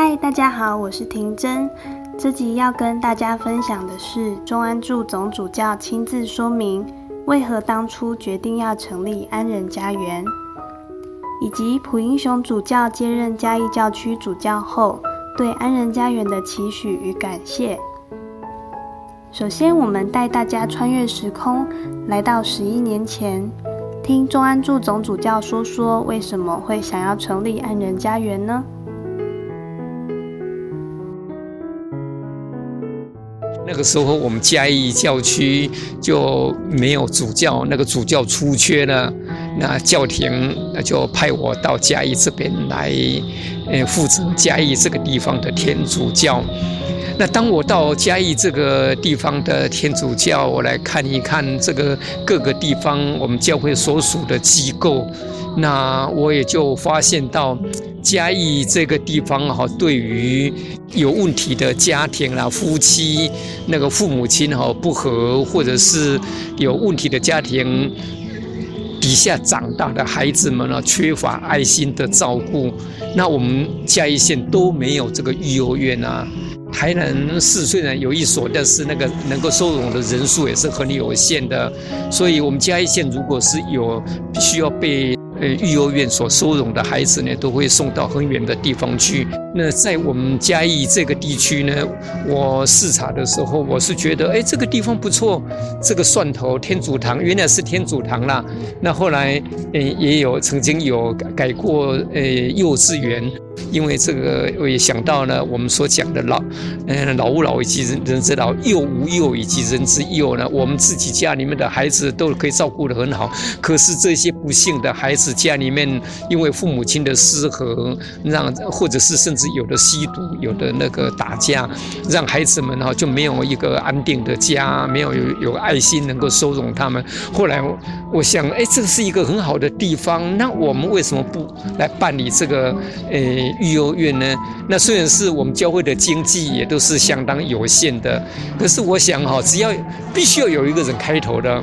嗨，Hi, 大家好，我是婷珍，這集要跟大家分享的是鍾安住總主教親自說明為何當初決定要成立安仁家園，以及浦英雄主教接任嘉義教區主教後對安仁家園的期許與感謝。首先，我們帶大家穿越時空，來到十一年前，聽鍾安住總主教說說為什麼會想要成立安仁家園呢？那個時候，我們嘉義教區就沒有主教，那個主教出缺了。那教廷那就派我到嘉義這邊來，呃，負責嘉義這個地方的天主教。那當我到嘉義這個地方的天主教，我來看一看這個各個地方我們教會所屬的機構。那我也就發現到嘉義這個地方哈，對於有問題的家庭啦，夫妻那個父母親哈不和，或者是有問題的家庭。以下長大的孩子們呢，缺乏愛心的照顧。那我們嘉義縣都沒有這個育幼院啊。台南市雖然有一所，但是那個能夠收容的人數也是很有限的。所以，我們嘉義縣如果是有需要被。呃，育幼院所收容的孩子呢，都會送到很遠的地方去。那在我們嘉義這個地區呢，我視察的時候，我是覺得，哎，這個地方不錯。這個蒜頭天主堂原來是天主堂啦，那後來，誒也有曾經有改，改過，呃，幼稚園。因為這個，我也想到呢，我們所講的老，嗯、哎，老吾老以及人、人之老，幼吾幼以及人之幼呢。我們自己家裡面的孩子都可以照顧得很好，可是這些不幸的孩子家裡面，因為父母親的失和，讓或者是甚至有的吸毒，有的那個打架，讓孩子們哈就沒有一個安定的家，沒有有有愛心能夠收容他們。後來我想，哎，這是一個很好的地方，那我們為什麼不來辦理這個？誒、哎。育幼院呢？那雖然是我們教會的經濟也都是相當有限的，可是我想哈、哦，只要必須要有一個人開頭的，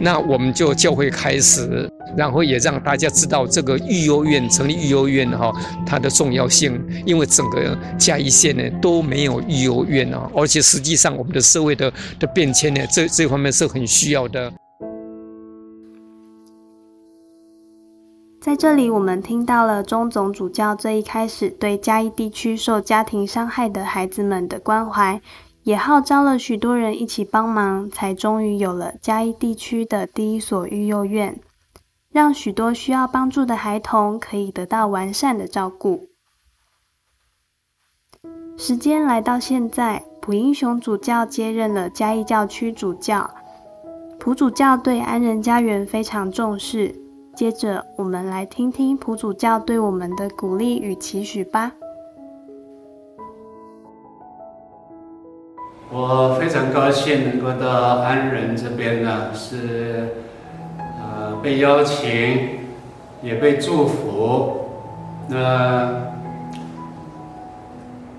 那我們就教會開始，然後也讓大家知道這個育幼院成立育幼院哈、哦，它的重要性，因為整個嘉義縣呢都沒有育幼院啊、哦，而且實際上我們的社會的的變遷呢，這這方面是很需要的。在這裡，我們聽到了鍾總主教最一開始對嘉義地區受家庭傷害的孩子們的關懷，也號召了許多人一起幫忙，才終於有了嘉義地區的第一所育幼院，讓許多需要幫助的孩童可以得到完善的照顧。時間來到現在，浦英雄主教接任了嘉義教區主教，浦主教對安仁家園非常重視。接着，我們來聽聽浦主教對我們的鼓勵與期許吧。我非常高興能夠到安仁這邊呢，是呃被邀請，也被祝福。那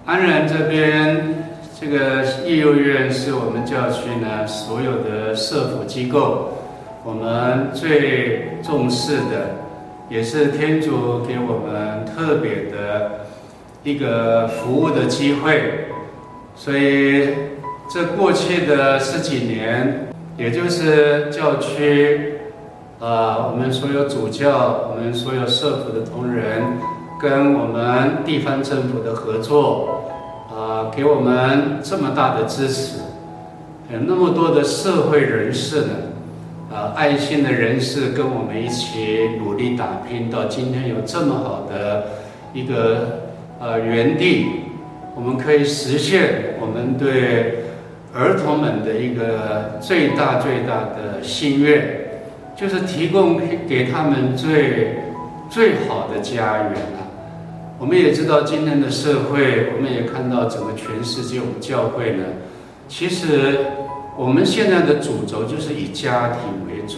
安仁這邊這個育幼院是我們教區呢所有的社福機構。我們最重視的，也是天主給我們特別的一個服務的機會。所以，這過去的十幾年，也就是教區，啊、呃，我們所有主教，我們所有社福的同仁，跟我們地方政府的合作，啊、呃，給我們這麼大的支持，有那麼多的社會人士呢。啊、呃，愛心的人士跟我們一起努力打拼，到今天有這麼好的一個呃園地，我們可以實現我們對兒童們的一個最大最大的心願，就是提供給他們最最好的家園了、啊。我們也知道今天的社會，我們也看到整個全世界，我們教會呢，其實。我們現在的主軸就是以家庭為主，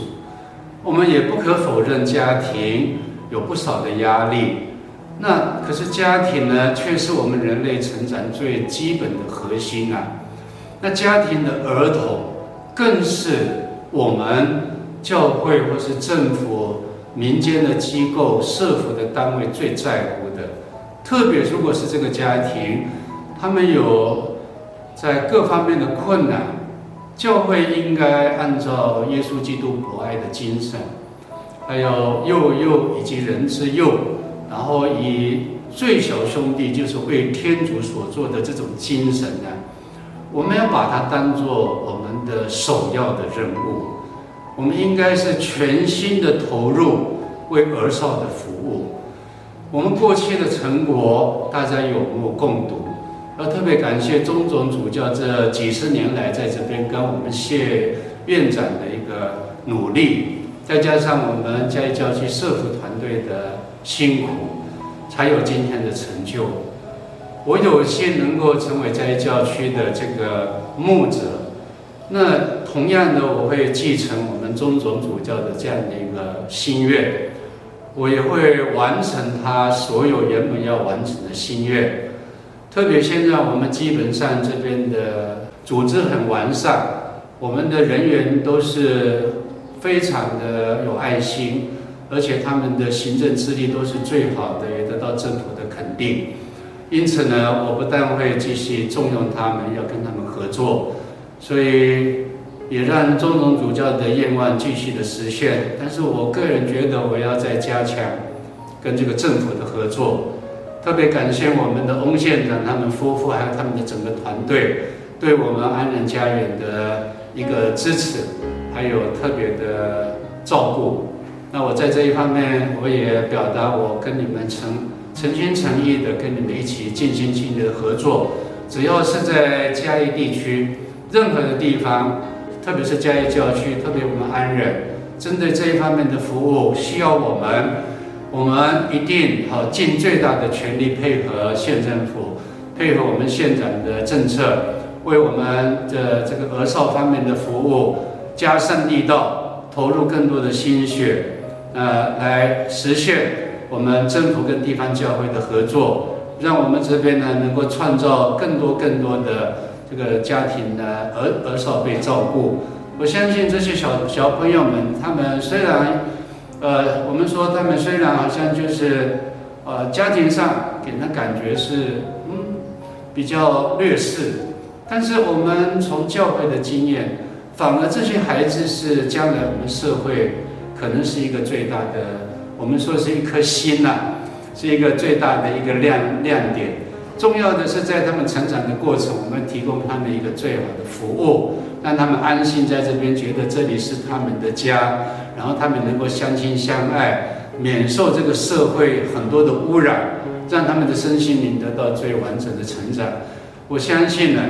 我們也不可否認家庭有不少的壓力，那可是家庭呢，卻是我們人類成長最基本的核心啊。那家庭的兒童，更是我們教會或是政府民間的機構社服的單位最在乎的。特別，如果是這個家庭，他們有在各方面的困難。教會應該按照耶穌基督博愛的精神，還有幼幼以及人之幼，然後以最小兄弟就是為天主所做的這種精神呢，我們要把它當做我們的首要的任務。我們應該是全心的投入，為兒少的服務。我們過去的成果，大家有目共睹。要特別感謝鍾總主教這幾十年來在這邊跟我們謝院長的一個努力，再加上我們在教區社福團隊的辛苦，才有今天的成就。我有幸能夠成為在教區的這個牧者，那同樣的我會繼承我們鍾總主教的這樣的一個心願，我也會完成他所有原本要完成的心願。特別現在我們基本上這邊的組織很完善，我們的人員都是非常的有愛心，而且他們的行政資歷都是最好的，也得到政府的肯定。因此呢，我不但會繼續重用他們，要跟他們合作，所以也讓鍾總主教的願望繼續的實現。但是我個人覺得，我要再加強跟這個政府的合作。特別感謝我們的翁縣長他們夫婦，還有他們的整個團隊，對我們安仁家園的一個支持，還有特別的照顧。那我在這一方面，我也表達我跟你們誠誠心誠意的跟你們一起盡心盡力的合作。只要是在嘉義地區任何的地方，特別是嘉義教區，特別我們安仁，針對這一方面的服務需要我們。我們一定好盡最大的全力配合縣政府，配合我們縣長的政策，為我們的這個兒少方面的服務加上力道，投入更多的心血，呃，來實現我們政府跟地方教會的合作，讓我們這邊呢能夠創造更多更多的這個家庭呢兒兒少被照顧。我相信這些小小朋友們，他們雖然。呃，我們說他們雖然好像就是，呃，家庭上給人的感覺是嗯比較劣勢，但是我們從教會的經驗，反而這些孩子是將來我們社會可能是一個最大的，我們說是一顆星吶，啊，是一個最大的一個亮亮點。重要的是，在他們成長的過程，我們提供他們一個最好的服務，讓他們安心在這邊，覺得這裡是他們的家，然後他們能夠相親相愛，免受這個社會很多的污染，讓他們的身心靈得到最完整的成長。我相信呢，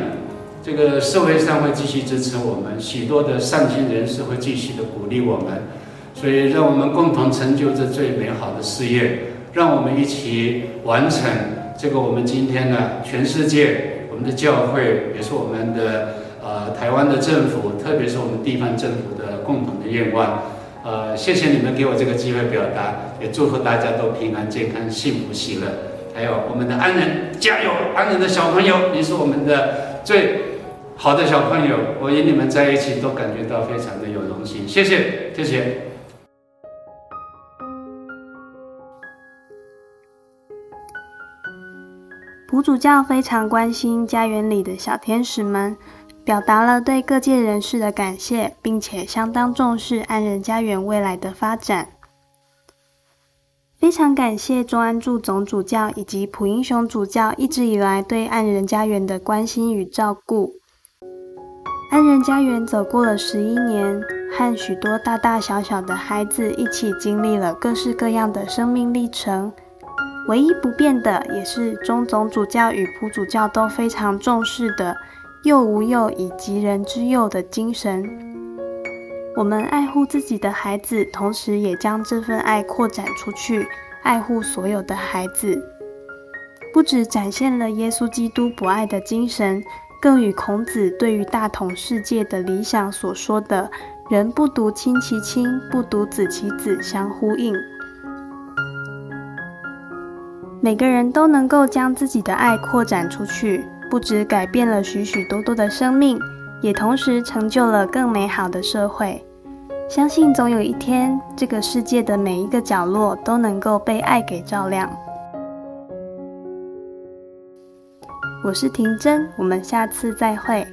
這個社會上會繼續支持我們，許多的善心人士會繼續的鼓勵我們，所以讓我們共同成就這最美好的事業，讓我們一起完成。這個我們今天呢，全世界，我們的教會也是我們的，呃，台灣的政府，特別是我們地方政府的共同的願望。呃，謝謝你們給我這個機會表達，也祝福大家都平安健康、幸福喜樂。還有我們的安仁，加油！安仁的小朋友，你是我們的最好的小朋友，我與你們在一起都感覺到非常的有榮幸。謝謝，謝謝。浦主教非常關心家園裡的小天使們，表達了對各界人士的感謝，並且相當重視安仁家園未來的發展。非常感謝鍾安住總主教以及浦英雄主教一直以來對安仁家園的關心與照顧。安仁家園走過了十一年，和許多大大小小的孩子一起經歷了各式各樣的生命歷程。唯一不變的，也是鍾總主教與浦主教都非常重視的“幼吾幼以及人之幼”的精神。我們愛護自己的孩子，同時也將這份愛擴展出去，愛護所有的孩子。不只展現了耶穌基督博愛的精神，更與孔子對於大同世界的理想所說的“人不獨親其親，不獨子其子”相呼應。每個人都能夠將自己的愛擴展出去，不只改變了許許多多的生命，也同時成就了更美好的社會。相信總有一天，這個世界的每一個角落都能夠被愛給照亮。我是婷真，我們下次再會。